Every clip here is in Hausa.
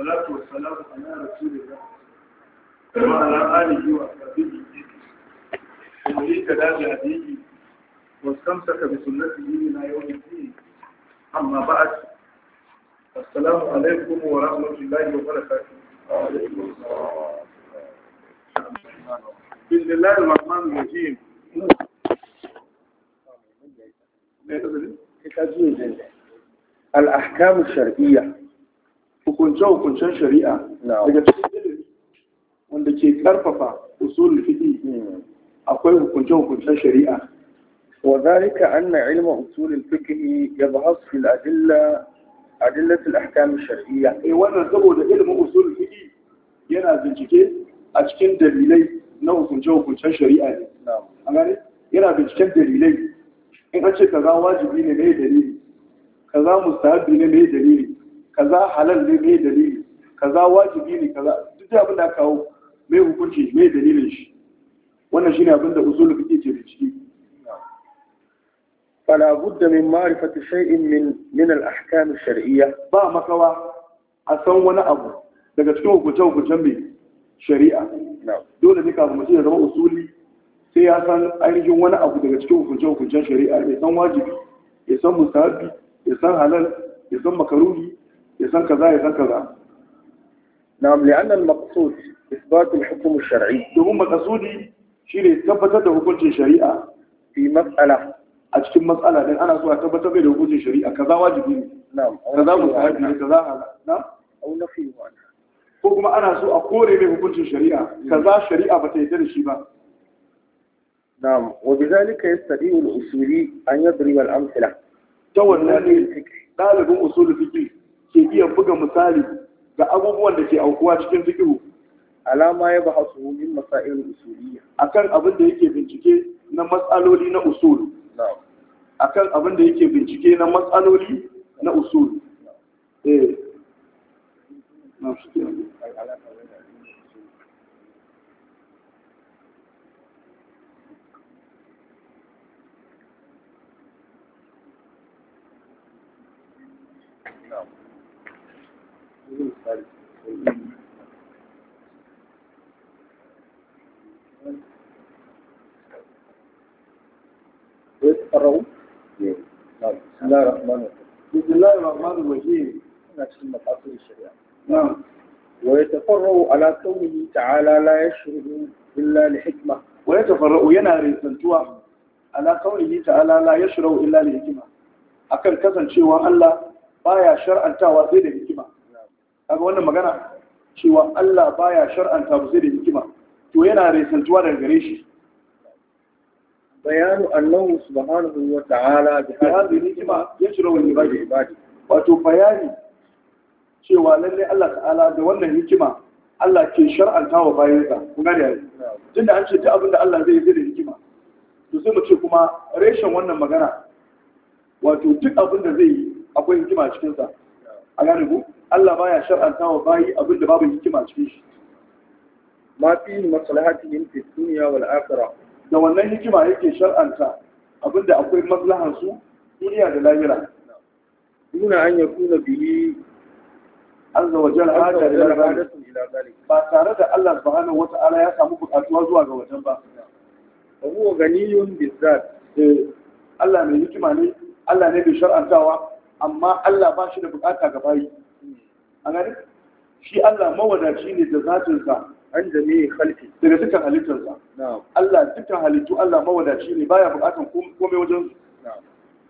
والصلاة والسلام على رسول الله وعلى آله وأصحابه ومن اهتدى بهديه واستمسك بسنته إلى يوم الدين أما بعد السلام عليكم ورحمة الله وبركاته بسم الله الرحمن الرحيم الأحكام الشرعية hukunce-hukuncen shari'a daga cikin ilimi wanda ke karfafa usul fiqi akwai hukunce-hukuncen shari'a وذلك أن علم أصول الفقه يبحث في الأدلة أدلة الأحكام الشرعية إيه وانا سبب علم أصول الفقه ينا بنجيكي أشكين دليلي نو كنجو كنشان شريعة نعم أغاني ينا بنجيكين دليلي إن أشي كذا واجبين ليه دليلي كذا مستحبين ليه دليلي kaza halal ne mai dalili kaza wajibi ne kaza duk abin da kawo mai hukunci mai dalilin shi wannan shine abin da usulul fiqh ke da ciki fala budda min ma'rifati shay'in min min al-ahkam ash-shar'iyya ba makawa a san wani abu daga cikin hukunce hukuncen mai shari'a dole ne kafin mutum ya zama usuli sai ya san ainihin wani abu daga cikin hukunce hukuncen shari'a ya san wajibi ya san musabi ya san halal ya san makaruri ya san kaza ya san kaza na'am li'anna al-maqsud isbat al-hukm al-shar'i domin tabbatar da hukuncin shari'a fi mas'ala a cikin matsala din ana so a tabbatar da hukuncin shari'a kaza wajibi ne kaza musahabi ne kaza halal na'am au nafi ko kuma ana so a kore mai hukuncin shari'a kaza shari'a ba shi ba نعم وبذلك يستطيع الأصولي أن يضرب الأمثلة تولى طالب أصول الفقه ke iya buga misali ga abubuwan da ke aukuwa cikin fiqh alama ya ba hasu min masail usuliyya akan abin da yake bincike na matsaloli na usul akan abin da yake bincike na matsaloli na usul eh na shi ويتفرغ بسم الله الرحمن الرحيم بسم الله الرحمن الرحيم نعم على كونه تعالى لا يشرب إلا لحكمة ويتفرع ينهر سنتوا على كونه تعالى لا يشرب إلا لحكمة أكن كسن شيء الله بايا شرعا تاوى زي لحكمة kaga wannan magana cewa Allah baya shar'anta mu sai da hikima to yana resantuwa daga gare shi bayanu annahu subhanahu wa ta'ala da hadhihi hikima yashru lil ibadi wato bayani cewa lalle Allah ta'ala da wannan hikima Allah ke shar'anta wa bayansa kun ga yayi tunda an ce duk abin da Allah zai yi da hikima to sai mu ce kuma reshen wannan magana wato duk abinda zai yi akwai hikima cikin sa a gane ku Allah baya shar'anta wa bayi abin da babu hikima cikin shi ma fi yin fi duniya wal akhirah da wannan hikima yake shar'anta abin da akwai maslahan su duniya da lahira duna an kuna bihi azza wa jalla hada ila ba tare da Allah subhanahu wa ta'ala ya samu bukatuwa zuwa ga wajen ba wa huwa ganiyun bizat eh, Allah mai hikima ne Allah ne bi shar'antawa amma Allah ba shi da bukata ga bayi a gani shi Allah mawadaci ne da zatinsa an da me khalqi daga dukkan halittarsa Allah dukkan halittu Allah mawadaci ne baya bukatan komai wajen su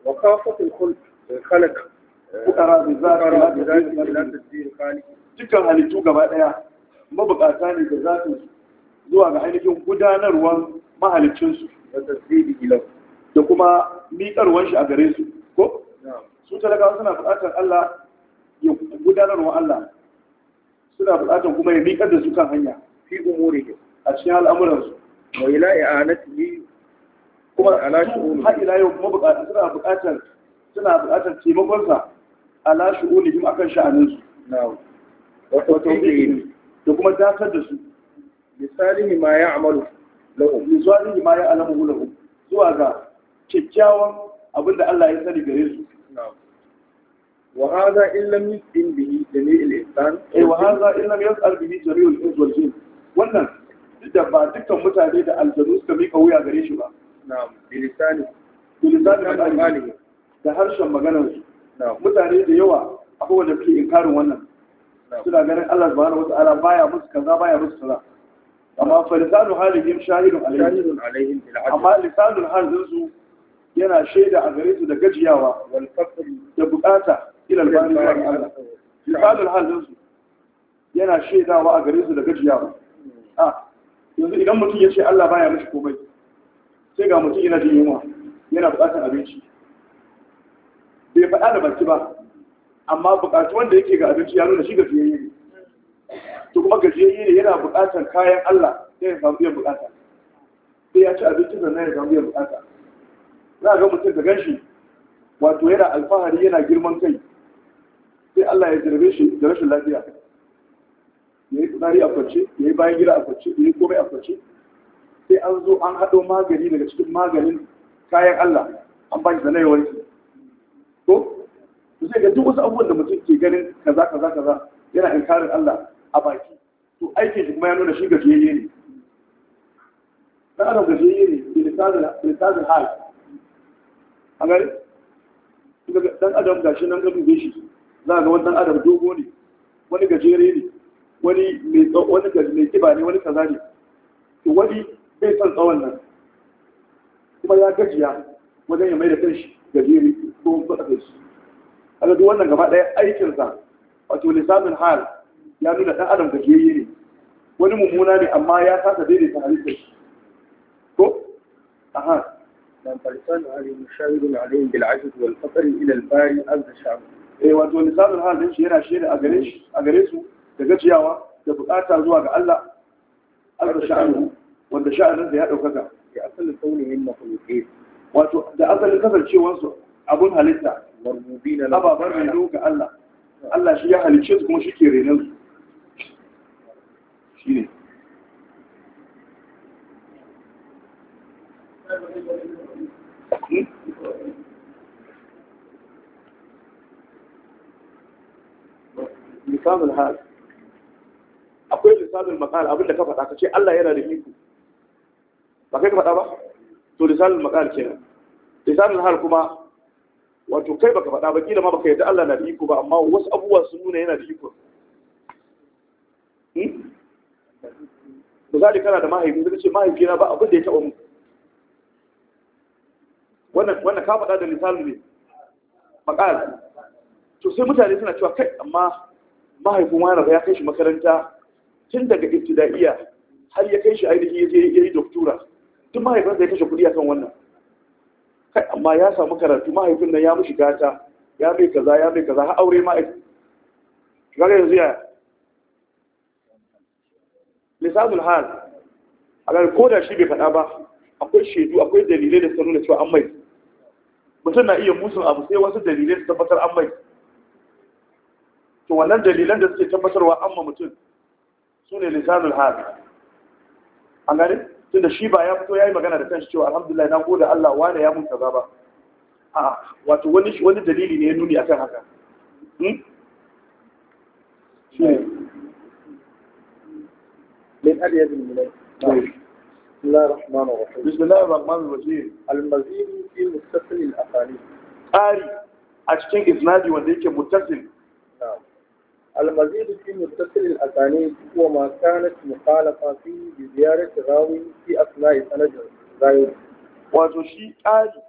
wa kafatul khulq eh, khalq eh, fuqara bi zati la tadbir khaliq dukkan halittu gaba daya mabukata ne da zatinsu zuwa ga ainihin gudanarwar mahalicinsu da tasiri ila da kuma miƙarwar shi a gare su ko su talakawa suna buƙatar Allah ya gudanar wa Allah suna buƙatar kuma ya miƙar da su kan hanya fi umuri a cikin al'amuransu wa ila i'anatihi kuma ala shu'uni har ila yau kuma buƙatar suna buƙatar suna buƙatar taimakon sa ala kuma akan sha'anin su na'am wa tawfiqihim da kuma dakatar da su misalihi ma ya'malu lahum misalihi ma ya'lamu lahum zuwa ga kyakkyawan abinda Allah ya sani gare su وهذا إن لم يسأل به جميع الإنسان وهذا إن لم يسأل به جميع الإنس والجن wannan da ba dukkan mutane da aljanu suka mika wuya gare shi ba na'am bilisani bilisani da harshen maganar mutane da yawa akwai wanda suke inkarin wannan suna ganin Allah subhanahu wata'ala baya musu kaza baya musu kaza amma fa lisanu halihim shahidun amma yana shaida a gare su da gajiyawa da bukata ila wa ala misalin halin su yana shaidawa a gare su da ba a yanzu idan mutum ya ce Allah baya mishi komai sai ga mutum yana jin yunwa yana buƙatar abinci bai faɗa da baki ba amma buƙatu wanda yake ga abinci ya nuna shi jiyayye ne to kuma gajiyayye ne yana buƙatar kayan Allah sai ya samu biyan bukata sai ya ci abinci sannan ya samu biyan bukata za a ga mutum da ganshi wato yana alfahari yana girman kai sai Allah ya zirbe shi da rashin lafiya ya yi tsari a kwance ya yi bayan gida a kwance ya yi komai a kwance sai an zo an haɗo magani daga cikin maganin kayan Allah an ba shi da naiwar Ko to sai ga duk wasu abubuwan da mutum ke ganin kaza kaza kaza yana inkarin Allah a baki to aikin shi kuma ya nuna shi ga jiyayye ne dan adam gajiyayye ne bilisanin hal a gari dan adam gashi nan gabin shi za ga wannan adam dogo ne wani gajere ne wani mai kiba ne wani kaza ne to wani bai son tsawon nan kuma ya gajiya wajen ya mai da kanshi gajere ko wani kwaɗa kanshi kaga duk wannan gaba ɗaya aikinsa wato lissamin hal ya nuna ɗan adam gajere ne wani mummuna ne amma ya kasa daidaita halittar shi ko aha dan farisanu ali mushawirun alayhi bil ajz wal faqr ila al bari azza sha'bu eh wato lisanul hal din shi yana shaida a gare shi a gare su da gajiyawa da bukata zuwa ga Allah Allah sha'anu wanda sha'anin da ya ɗaukaka, ya asalin kaunihin makhluqin wato da asalin kasancewar su abun halitta marbubina la ababar reno ga Allah Allah shi ya halicce su kuma shi ke renon su shine lisanul hal akwai lisanul maqal abin da ka faɗa ka ce Allah yana da iko ba kai ka faɗa ba to lisanul maqal kenan lisanul hal kuma wato kai baka faɗa ba kila ma baka yadda Allah na da iko ba amma wasu abubuwa sun nuna yana da iko hmm? misali kana da mahaifi zai ce mahaifi na ba abin da ya taɓa mu wannan wannan ka faɗa da misalin ne to sai mutane suna cewa kai amma mahaifin wani ya kai shi makaranta tun daga ibtida'iyya har ya kai shi ainihi ya je ya yi doktora duk mahaifin zai kashe kuɗi akan wannan kai amma ya samu karatu mahaifin nan ya mushi gata ya mai kaza ya mai kaza har aure ma kaga yanzu ya lisabul hal a ko da shi bai faɗa ba akwai shaidu akwai dalilai da sanu da cewa an mai mutum na iya musu abu sai wasu dalilai su tabbatar an mai to wannan dalilan da suke tabbatarwa amma mutum su ne lisanul hali an gane tunda shi ba ya fito ya yi magana da kanshi cewa alhamdulillah na gode Allah wane ya mun kaza ba a wato wani wani dalili ne ya nuni akan haka من أبيض الملك بسم الله الرحمن الرحيم بسم الله الرحمن الرحيم المزيد في متصل الأقاليم قاري أشكين إسنادي وديك متصل نعم المزيد في متصل الأسانيد هو ما كانت مخالفة فيه بزيارة راوي في أثناء سند الراوي wato shi ƙari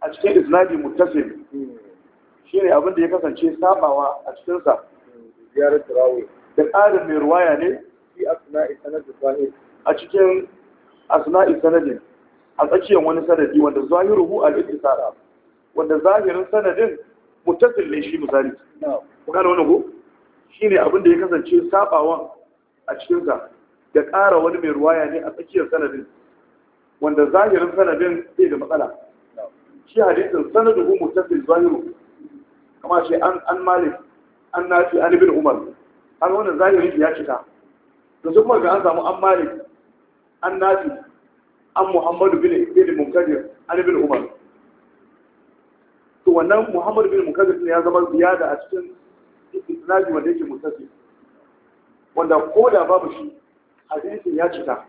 a cikin isnadi muttasil shi ne abin da ya kasance sabawa a cikinsa ziyarar turawi da ƙarin mai ruwaya ne fi asna'i sanadin zahir a cikin asna'i sanadin a tsakiyar wani sanadi wanda zahiruhu al-ittisara wanda zahirin sanadin muttasil ne shi misali ku gane wani ko shine abin da ya kasance sabawan a cikinsa da ƙara wani mai ruwaya ne a tsakiyar sanadin wanda zahirin sanadin zai da matsala shi hadisin ta fi zahiru kama ce an an malik an nafi an ibn umar har wanda zahirin ya cika da su kuma ga an samu an malik an nafi an muhammadu bin ibn munkadir an ibn umar to wannan muhammadu bin munkadir ya zama ziyada a cikin isnadi wanda yake mutasi wanda ko da babu shi hadisin ya cika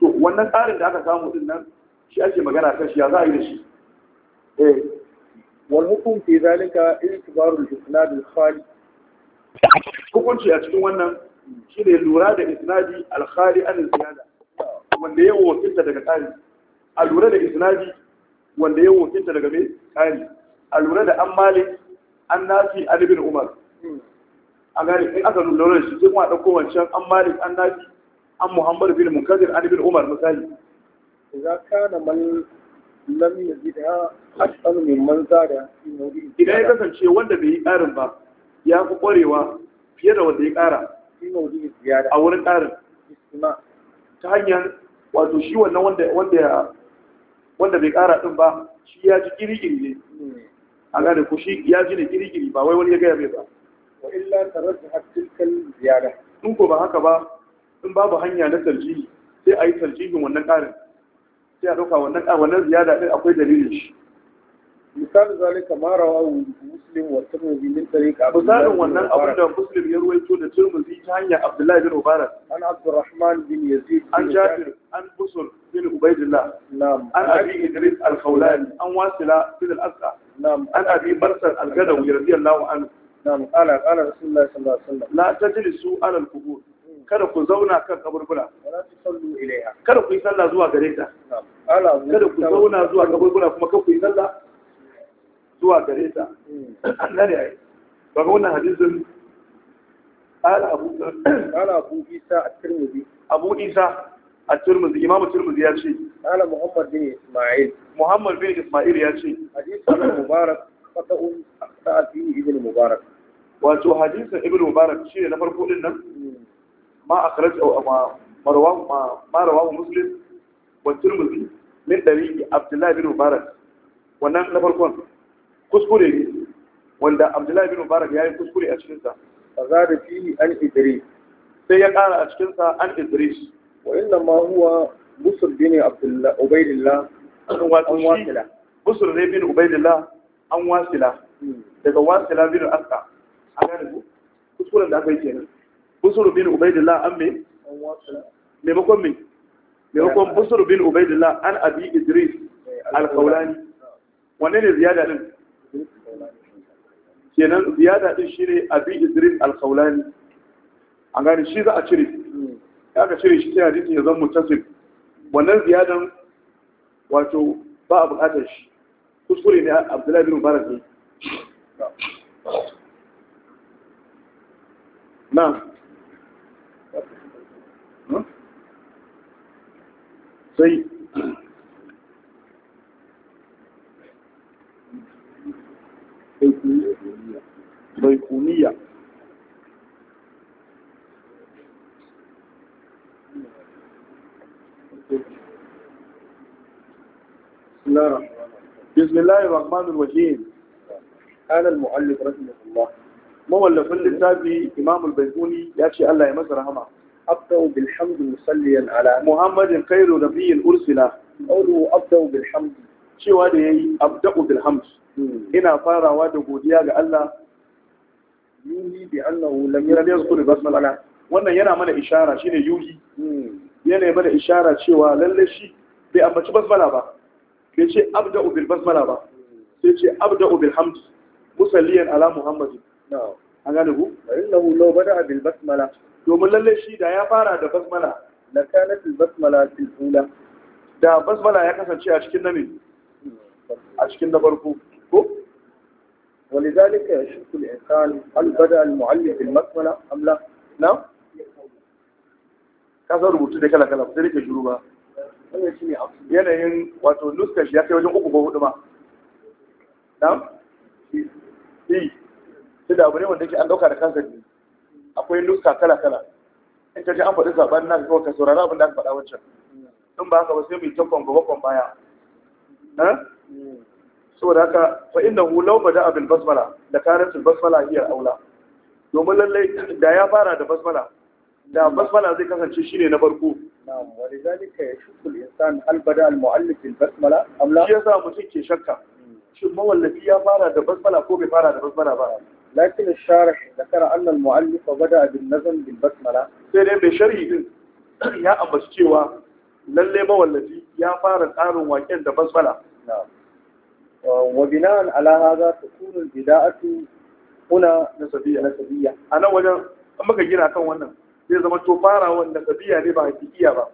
to wannan tsarin da aka samu din nan shi ake magana kan shi ya za a yi da shi eh wal hukum fi zalika itibarul isnad al khali hukunci a cikin wannan shine lura da isnadi al khali an ziyada wanda ya wakilta daga tsari a lura da isnadi wanda ya wakilta daga mai tsari a lura da an malik an nafi an umar A gane in aka nuna wani shi zai kuma dauko wancan an malik an nafi an Muhammadu, bin munkadir alibin umar misali idza kana man lam yazidha asal min man zada idan ya kasance wanda bai yi ƙarin ba ya fi ƙwarewa fiye da wanda ya ƙara a wurin ƙarin. ta hanyar wato shi wannan wanda bai kara din ba shi ya ji iri-iri ne hmm. a gane ku shi ya ji ne kirigiri ba wai wani ya gaya mai ba wa illa tarajja hakkin ziyara in ko ba haka ba in babu hanya na tarjihi sai a yi tarjihin wannan ƙarin sai a ɗauka wannan ziyara ɗin akwai dalilin shi misali zalika ma rawahu muslim wa tirmidhi min tariq abu misalin wannan abin da muslim ya ruwaito da tirmidhi ta hanyar abdullahi bin mubarak an abdurrahman bin yazid an jabir an busul bin ubaidillah na'am an abi idris al-khawlani an wasila bin al-asqa na'am an abi barsal al-gadawi radiyallahu anhu na'am qala qala rasulullah sallallahu alaihi wasallam la tajlisu ala al-qubur kada ku zauna kan kaburbura kada ku yi sallah zuwa gare ta kada ku zauna zuwa kaburbura kuma kada ku yi sallah zuwa gare ta nan ya yi wannan hadisin ala abu ala abu isa at-tirmidhi abu isa at-tirmidhi imam tirmidhi ya ce ala muhammad bin isma'il muhammad bin isma'il ya ce hadisin mubarak fata'un sa'ati ibn mubarak wato hadisin ibn mubarak shi ne na farko din nan hmm. ma akhraj aw oh, ma marwahu ma rawahu muslim wa tirmidhi min dariqi abdullah bin mubarak wannan na farkon kuskure wanda abdullahi bin mubarak ya yi kuskure a cikinsa a zara fi an idris sai ya ƙara a cikinsa an idris wa inna ma huwa musul bin abdullahi ubaidillah an wasila musul ne bin ubaidillah an wasila hmm. daga wasila bin aska a gane ku kuskuren da aka yi kenan musul bin ubaidillah an me maimakon me maimakon musul bin ubaidillah an abi idris eh, alkaulani wanne ne ziyada din kenan ziyada din shine abi idris al an gane shi za a cire ya ka cire shi tana dinki ya zama mutasib wannan ziyadan wato ba a hada shi kuskure ne abdullahi bin mubarak na sai الرحمن الرحيم قال المؤلف رحمه الله مولف للتابي إمام البيزوني يأتي الله يمس رحمه أبدأ بالحمد مصليا على محمد خير نبي أرسل قوله أبدأ بالحمد شو هذا يعني أبدأ بالحمد هنا فارا واد غوديا ga Allah yuhi bi annahu lam yazkur basmala wannan yana mana ishara shine yuhi yana mana ishara cewa lalle shi bai ambaci basmala ba bai ce abda'u bil basmala ba sai ce abda'u bil hamdi musalliyan ala muhammadin na'am an gane ku innahu law bada'a abin basmala domin lalle shi da ya fara da basmala la kanat al basmala fil hula. da basmala ya kasance a cikin namin hmm. a cikin na farko ko ولذلك يشك الإنسان هل بدأ المعلم بالبسملة أم لا؟ نعم؟ kasar rubutu da kala-kala sai rike juru ba yanayin wato nuskar shi ya kai wajen uku ko hudu ma. na? yi shi da abu ne wanda ke an dauka da kansa ne akwai luska kala-kala in ka ji an faɗi zaɓen na kawai ka saurari abin da aka faɗa wancan in ba haka ba sai mai ta kwangwa baya eh? saboda haka fa inna hu law bada bil basmala da karat basmala hiya aula domin lalle da ya fara da basmala da basmala zai kasance shi ne na farko na'am wa lidhalika yashku al insan hal al muallif basmala am la yasa mutum ke shakka shin mawallafi ya fara da basmala ko bai fara da basmala ba lakin sharh kara anna al-mu'allif bada bil nazm bil basmala sai dai bai sharhi din ya ambaci cewa lalle mawallafi ya fara tsarin waken da basmala wa bina'an ala hadha takunu al-bida'atu huna nasabiyya nasabiyya anan wajen an muka gina kan wannan zai zama to fara wanda nasabiya ne ba hakikiya ba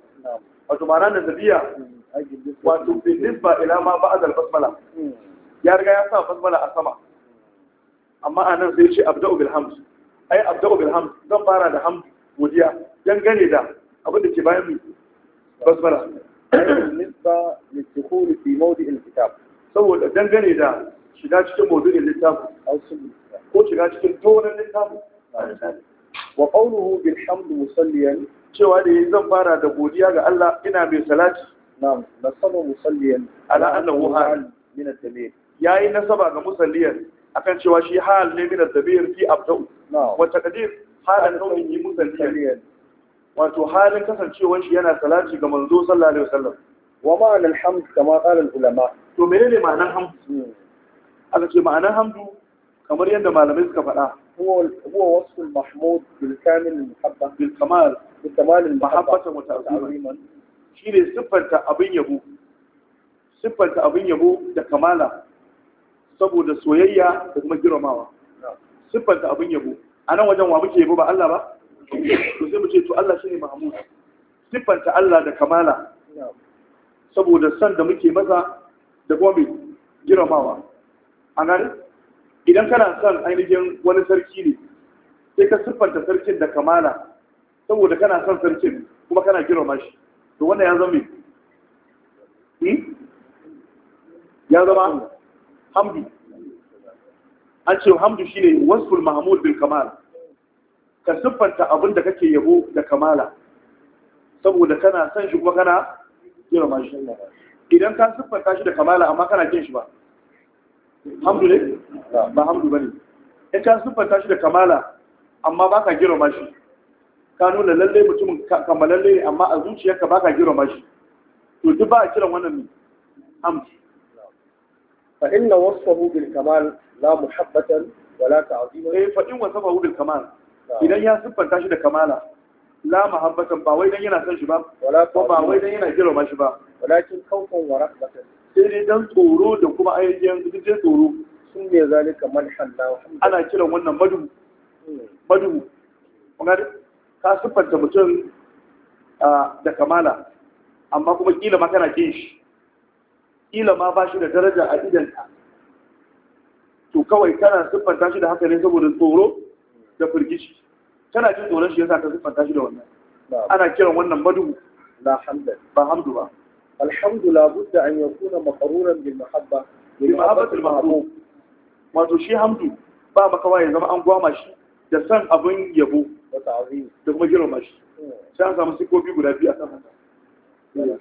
wato ma'ana nasabiya hmm, wato bin nisba ila ma ba'd al-basmala hmm. ya riga ya sa basmala a sama amma anan nan sai ce abda'u bil hamd ai abda'u bil hamd zan fara da hamd godiya dangane da abin da ke bayan mu basmala nisba lidukhul fi mawdi' al kitab saboda dangane da shiga cikin mawdu'in littafin ko shiga cikin tonan littafin wa qawluhu bil hamd musalliyan cewa da yayi zan fara da godiya ga Allah ina mai salati na'am na sama musalliyan ala annahu hal min at-tamim ya yi nasaba ga musalliyar akan cewa shi hal ne min al-dabir fi abda'u wa taqdir halan nau'in yi musalliyar wato halin kasancewar shi yana salati ga manzo sallallahu alaihi wasallam wa ma'ana alhamd kama qala al-ulama to menene ma'anar hamdu hmm. aka ce ma'anar hamdu kamar yadda malamai suka faɗa هو وصف المحمود بالكامل المحبة بالكمال بالكمال المحبة وتعظيما shine siffanta abin yabo siffanta abin yabo da kamala saboda soyayya da kuma girmamawa ta abin yabo a nan wajen wa muke yabo ba Allah ba to sai mu ce to Allah shine mahmud ta Allah da kamala saboda san da muke masa da kuma mai girmamawa a nan idan kana son ainihin wani sarki ne sai ka siffanta sarkin da kamala saboda kana son sarkin kuma kana girmama shi to wannan ya zama hmm? ya zama hamdu an ce hamdu shine wasful mahmud bil kamal ka siffanta abin da kake yabo da kamala saboda kana san shi kuma kana jira mashi idan ka siffanta shi da kamala amma kana jin shi ba hamdu ne ba hamdu bane in ka siffanta shi da kamala amma baka jira mashi ka nuna lalle mutumin kamalalle ne amma a zuciyarka baka jira mashi to duk ba a kiran wannan hamdu fa inna wasfahu bil kamal la muhabbatan wala ta'zima eh fa in wasafahu bil kamal idan ya siffanta shi da kamala la muhabbatan ba wai dan yana son shi ba ba wai dan yana girma shi ba walakin khawfan wa rahbatan sai dai dan tsoro da kuma tsoro sun ne zalika malhan la ana kiran wannan madu madu ka siffanta mutum da kamala amma kuma kila ma kana kin shi kila ma ba shi da daraja a idanka to kawai tana siffanta shi da haka ne saboda tsoro da firgici Tana jin tsoron shi yasa ka siffanta shi da wannan ana kiran wannan madu la hamdan ba hamdu ba alhamdu la budda an yakuna maqruran bil mahabba bil mahabbati mahbub wato shi hamdu ba makawa ya zama an gwama shi da san abin yabo da kuma girma shi hmm. sai an samu sikofi guda biyu a kan haka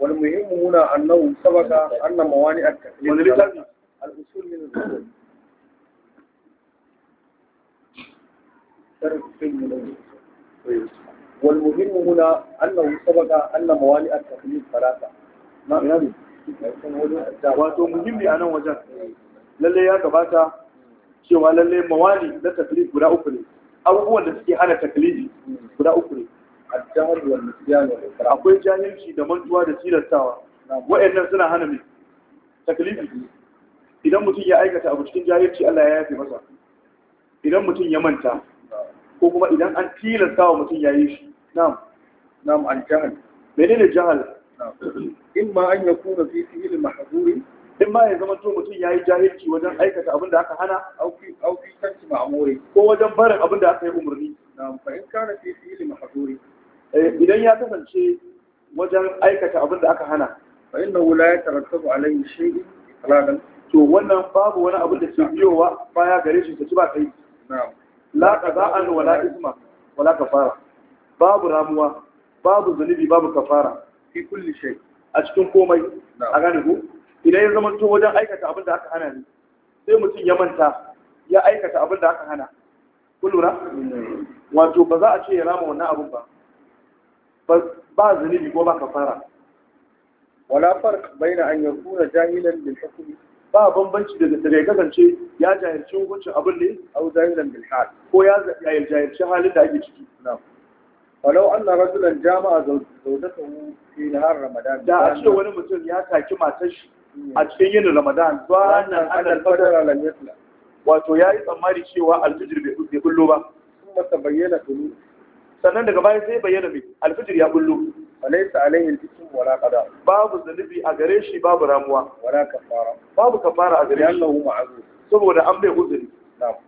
والمهم هنا أنه سبق أن موانع mawani الأصول من والمهم هنا أنه سبق أن موانع التقليد ثلاثة. نعم. wato muhimmi a nan wajen lalle ya gabata cewa lalle mawani na taklif guda uku ne abubuwan da suke hana taklifi guda uku ne Akwai jahilci da mantuwa da tilastawa. دمان suna hana سوا وإن idan mutum ya aikata abu cikin jahilci Allah ya yafe masa idan mutum ya manta ko kuma idan an tilastawa mutum ya yi shi na'am na'am al jahal menene jahal in ma an yakuna fi fi'il mahdhuri in ma ya zama to mutum ya yi jahilci wajen aikata abin da aka hana aufi kanci ma'amuri ko wajen barin abin da aka yi umarni na fa'in kana fi fi'ili mahdhuri Eh, idan ya kasance wajen aikata abin da aka hana fa inna la yatarattabu alayhi shay'un iqlalan to wannan babu wani abu da ke biyowa baya gare shi ta ci ba kai na'am la qada'an wala isma wala kafara babu ramuwa babu zunubi babu kafara fi kulli shay a cikin komai a gane ku idan ya zama to wajen aikata abin da aka hana ne sai mutum ya manta ya aikata abin da aka hana kullura wato ba za a ce ya rama wannan abin ba ba zunubi ko ba kafara wala farq baina an yakuna jahilan bil hukm ba bambanci daga daga kasance ya jahilci hukuncin abin ne au jahilan bil hal ko ya jahilci halin da ake ciki na'am walau anna rajulan jama'a zawjatahu fi nahar ramadan da a ce wani mutum ya taki matar shi a cikin yin ramadan ba nan an alfadar lam yasla wato yayi tsammani cewa alfijir bai kullo ba kuma ta bayyana tulu sannan daga baya sai bayyana mai alfijir ya bullo alaysa alayhi al-ithm wala babu zanubi a gare shi babu ramuwa wala kafara babu kafara a gare shi Allahu ma'azur saboda an bai uzuri na'am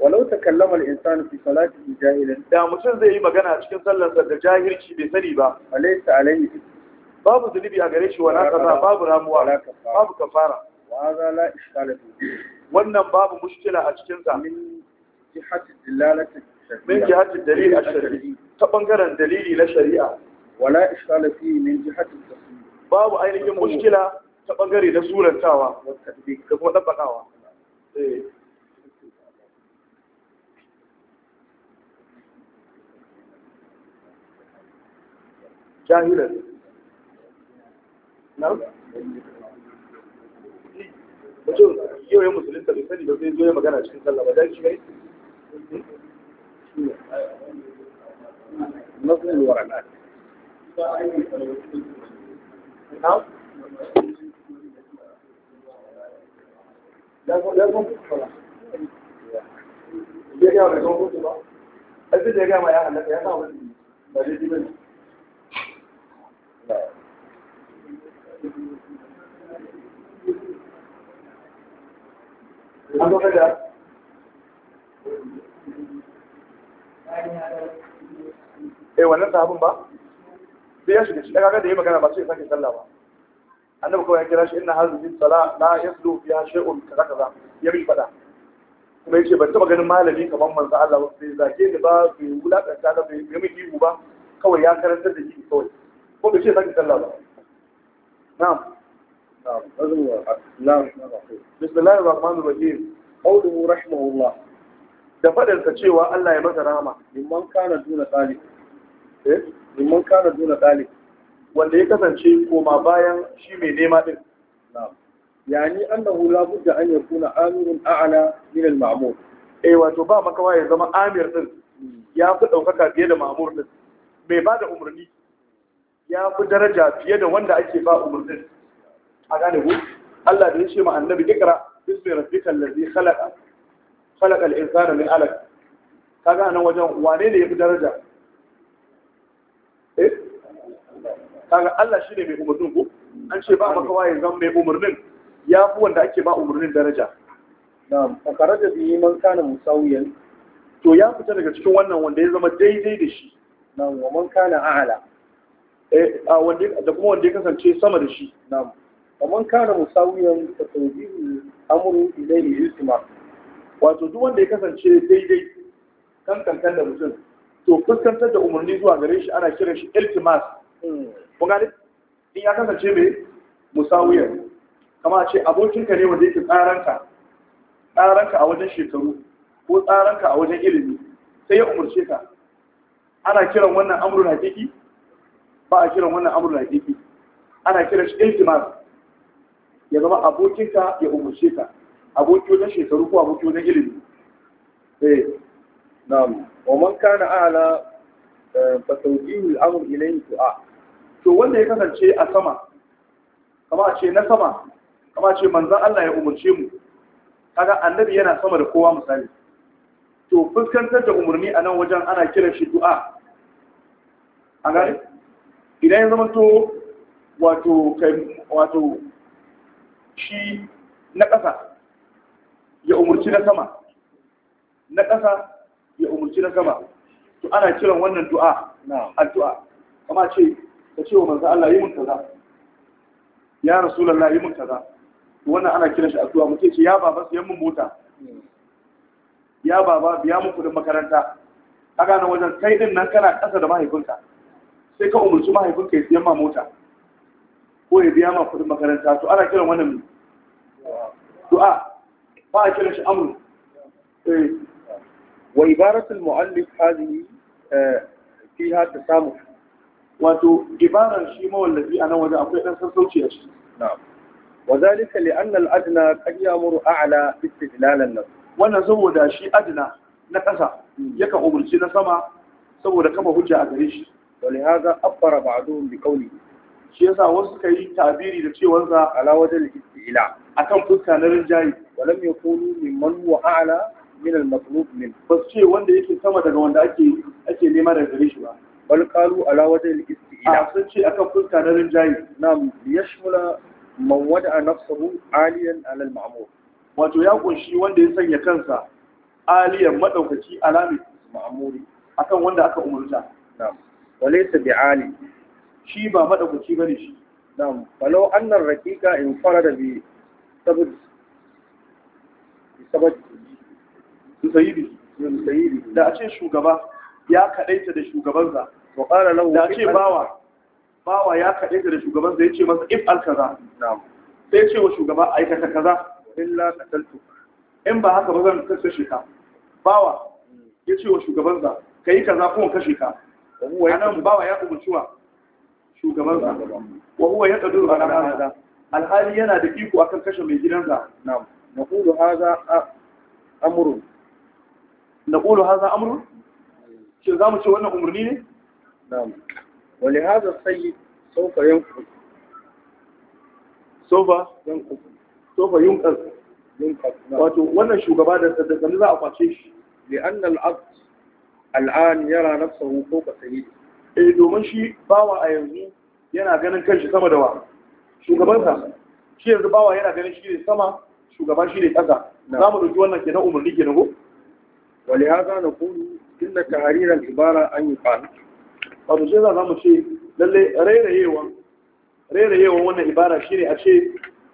walau takallama al-insanu fi salatihi jahilan da mutum zai yi magana a cikin sallarsa da jahilci bai sani ba alaysa alayhi babu zanubi a gare shi wala qada babu ramuwa babu kafara wa hadha la ishkala wannan babu mushkila a cikin sa min jihati dilalati من جهة الدليل الشرعي تبنغر الدليل لا شريعة ولا إشكال فيه من جهة التصميم باب أين مشكلة تبقى نسورة رسول والتطبيق كما نبقاوى إيه جاهلا نعم mutum يوم ya musulunta bai sani ba sai zo ya magana cikin sallah ba نظم الورقات نعم لازم لازم ya eh wannan sahabin ba sai ya shiga shi kaga da yayi magana ba sai ya sake sallah ba annabi kawai ya kira shi inna hadhihi sala la yaslu fiha shay'un kaza kaza ya bi fada kuma yace ban taba ganin malami kaman manzo Allah ba sai zage da ba bai wulakanta da bai yi miki ihu ba kawai ya karantar da shi kawai ko bai ce sake sallah ba na'am بسم الله الرحمن الرحيم قوله رحمه الله da faɗinsa cewa Allah ya masa rahama. Imman kana duna tsari. eh liman kana duna dalib wanda ya kasance koma bayan shi mai nema din ni annahu la budda an yakuna amirun a'la min al-ma'mur eh wato ba makawa ya zama amir din hmm. ya fi daukaka fiye da ma'mur din mai ba da umarni ya fi daraja fiye da wanda ake ba umurni a gane ku Allah da ya ce ma annabi ikra bismi rabbika allazi khalaqa khalaqa al-insana min alaq kaga nan wajen wane ne ya fi daraja kaga Allah shi ne mai umarnin ku an ce ba maka waye zan mai umarnin ya fi wanda ake ba umarnin daraja na'am fakara da biyi man kana musawiyan to ya fita daga cikin wannan wanda ya zama daidai da shi na'am wa man kana a'ala eh a wanda da kuma wanda ya kasance sama da shi na'am wa man kana musawiyan fa tawjihu amru ilayhi yusma wato duk wanda ya kasance daidai kan kankan da mutum to fuskantar da umarni zuwa gare shi ana kiran shi iltimas hmm. kun gane in ya kasance mai musawiyar kama ce abokinka ne wanda yake tsaranka tsaranka a wajen shekaru ko tsaranka a wajen ilimi sai ya umarce ka ana kiran wannan amurin hakiki ba a kiran wannan amurin hakiki ana kiran shi mara, ya zama abokinka ya umarce ka aboki wajen shekaru ko aboki wajen ilimi eh na'am wa man kana a'la eh, fa tawqihu al-amr ilayhi du'a to wanda ya kasance a sama kama ce na sama kama ce manzan Allah ya umarce mu kaga annabi yana sama da kowa misali to fuskantar da umarni a nan wajen ana kiran shi du'a a gani idan ya zama to wato wato shi na ƙasa ya umarci na sama na ƙasa ya umarci na sama to ana kiran wannan du'a addu'a kama ce ka ce wa manzan Allah yi mun kaza ya Allah yi mun kaza wannan ana kiran shi tuwa mutum ce ya baba siyan mun mota ya baba biya mun kudin makaranta a nan wajen kai din nan kana kasa da mahaifinka sai ka umarci mahaifinka ya siyan ma mota ko ya biya ma kudin makaranta to ana kiran wannan du'a ba a kiran shi amur eh. wa ibaratul mu'allif hadhihi eh, fiha tasamuh wato ibarar shi mawallafi a nan waje akwai ɗan sassauci a ciki Wazalika لأن الأدنى قد يأمر أعلى استجلالا له wannan saboda shi adina na ƙasa yakan umurci na sama saboda kafa hujja a gare shi wani haza abbara ba'dhum bi qawli shi yasa wasu ka yi tabiri da cewar sa ala wajal istila akan fuska na rinjayi walam yakunu mimman huwa a'la min al-matlub min bas ce wanda yake sama daga wanda ake ake nema daga gare shi ba bal qalu ala wajhil isti'la ah, sun ce akan fuska na rinjayi na'am yashmula man wada'a nafsuhu aliyan ala al-ma'mur wato ya kunshi wanda ya sanya kansa aliyan madaukaki alami ma'muri akan wanda aka umurta na'am walaysa bi'ali shi ba madaukaki bane shi na'am falau annar raqiqa in farada bi sabab sabab sayyidi sayyidi da a ce shugaba ya kadaita da shugabansa wa qala lahu da ce bawa bawa ya kadaita da shugabansa yace masa if al kaza na'am sai ce wa shugaba aikata kaza illa qataltu in ba haka ba zan kashe ka bawa yace wa shugabansa kai kaza ko kashe ka anan bawa ya kubuciwa shugabansa wa huwa yaqdiru ala hada alhali yana da iko akan kashe mai gidansa na'am naqulu hadha amrun naqulu hadha amrun ce za mu ce wannan umarni ne? na'am wani haza sai sofa yanku sofa yanku sofa yunkar wato wannan shugaba da sadaddani za a kwace shi li'an al'abd al'an yara nafsahu fawqa sayyidi eh domin shi bawa a yanzu yana ganin kanshi sama da wa shugabansa shi yanzu bawa yana ganin shi ne sama shugaba shi ne ƙasa za mu ɗauki wannan kenan umarni kenan ko ولهذا نقول inda tahrirar ibara an yi fa'al wato shi za za mu ce lalle rairayewan rairayewan wannan ibara shine a ce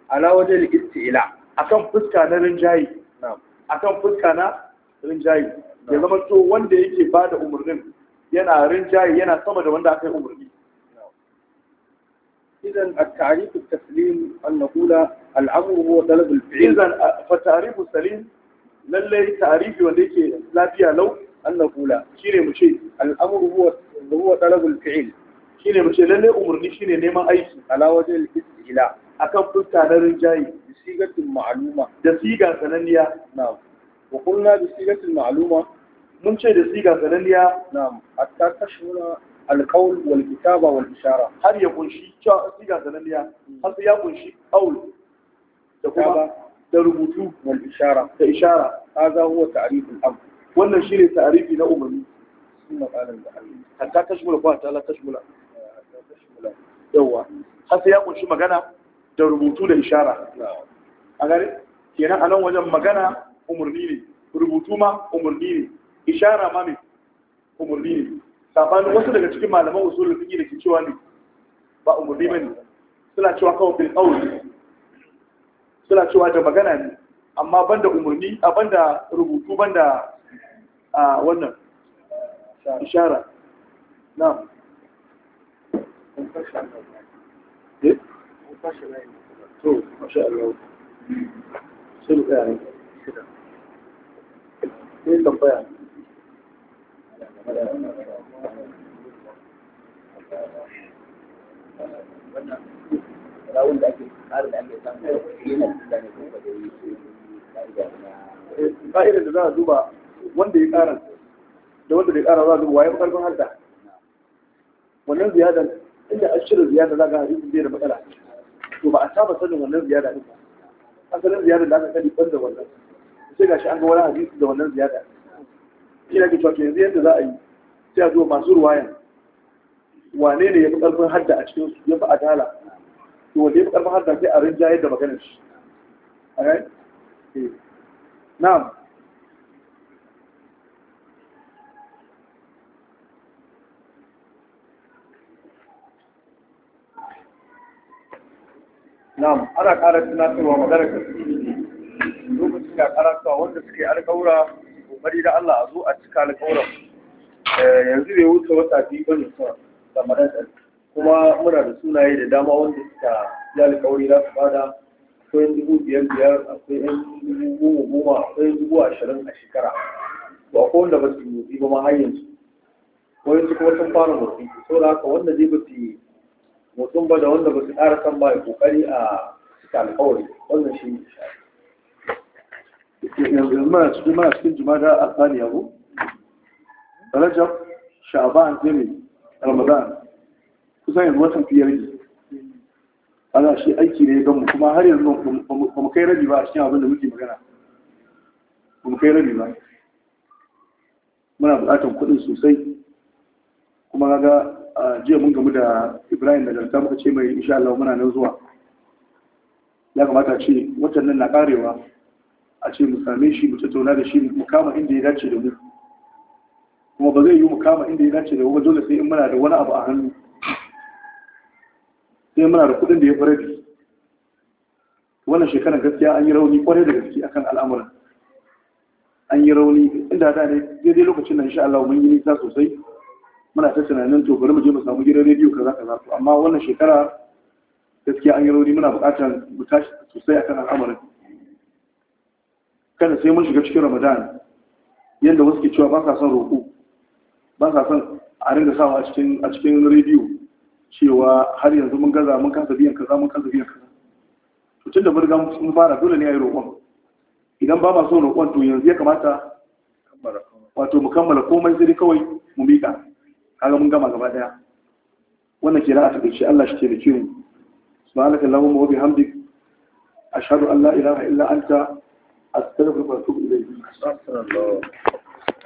ala wajen istila akan fuska na rinjayi akan fuska na rinjayi ya zama to wanda yake ba da umarnin yana rinjayi yana sama da wanda aka yi umarni Idan إذن التعريف التسليم أن نقول الأمر هو طلب الفعل إذن فتعريف Salim, للي تعريف wanda لا lafiya lau. an kula shi ne mu ce al'amuru huwa talabul fi'il shi ne mu ce lalle umarni shi ne neman aiki ala wajen istila akan fuska na rinjaye da sigatin ma'aluma da siga sananniya na'am wa kulna da sigatin ma'aluma mun ce da siga sananniya na'am hatta tashmula alqawl wal kitaba wal ishara har ya kunshi siga sananniya har ya kunshi qawl da kuma da rubutu wal ishara da ishara hadha huwa ta'riful amr wannan shi ne ta'arifi na umarni sunna qalan hatta tashmula ko hatta la tashmula yawa har ya kunshi magana da rubutu da ishara a gare kenan a nan wajen magana umarni ne rubutu ma umarni ne ishara ma ne umarni ne sabanin wasu daga cikin malaman usulul fiqh da ke cewa ne ba umarni bane suna cewa kawai bil qawl suna cewa da magana ne amma banda umarni a banda rubutu banda a wannan ishara na to masha Allah sun tsaya ne shida sai tambaya wannan rawun da ake tsarin da ake samu yana da ne ko ba da yi ba irin da za a duba wanda ya ƙara da wanda bai ƙara za a waye ƙarfin harda wannan ziyadan inda an cire ziyada za ga hadisi zai da matsala to ba a saba sanin wannan ziyada din ba asalin ziyada da aka sani ban da wannan sai gashi an ga wani hadisi da wannan ziyada shi ne ke to yanzu yadda za a yi sai a zo masu ruwayan wane ne ya fi ƙarfin hadda a cikin su ya fi adala to wanda ya fi ƙarfin hadda sai a rinjaye da maganar shi a eh. na'am na'am ana ƙara tunatarwa magana ka lokacin da karatuwa wanda suke alƙawura kokari da Allah a zo a cika alƙawuran eh, yanzu bai wuce wata biyu ba ne da madan kuma muna da sunaye da dama wanda suka yi alƙawari za su bada akwai dubu biyar biyar akwai yan dubu goma goma akwai dubu ashirin a shekara ba ko wanda ba su yi ba ma har yanzu wani su kuma sun fara motsi saboda haka wanda zai ba su mutum ba da wanda ba su ƙara san ba ya kokari a cika alƙawari wannan shi ne yanzu mana cikin mana cikin jumada a Yabo. ko rajab sha'ban sai mai ramadan kusan yanzu watan fiye rage ana shi aiki ne don mu kuma har yanzu ba mu kai rabi ba a cikin abin da muke magana ba mu kai rabi ba muna buƙatar kuɗin sosai kuma ga jiya mun gamu da ibrahim da garta muka ce mai insha Allah muna nan zuwa ya kamata ce watan nan na karewa a ce mu same shi mu tattauna da shi mu kama inda ya dace da mu kuma ba zai yi mu kama inda ya dace da mu ba dole sai in muna da wani abu a hannu sai muna da kudin da ya farabi wannan shekarar gaskiya an yi rauni kwarai da gaske akan al'amuran an yi rauni inda da ne daidai lokacin na insha Allah mun yi nisa sosai muna ta tunanin to bari mu je mu samu gidan rediyo kaza kaza to amma wannan shekara gaskiya an yi rauni muna buƙatar mu tashi sosai akan al'amarin kada sai mun shiga cikin ramadan yadda wasu ke cewa ba sa son roƙo ba sa son a ringa sawa a cikin rediyo cewa har yanzu mun gaza mun kasa biyan kaza mun kasa biyan kaza to tun da mun riga mun fara dole ne a yi roƙon idan ba ma son roƙon to yanzu ya kamata wato mu kammala komai sai kawai mu miƙa kaga mun gama gaba daya wannan kenan a takaice Allah shi ke da kiwo subhanaka allahumma wa bihamdik ashhadu an la ilaha illa anta astaghfiruka wa atubu ilayk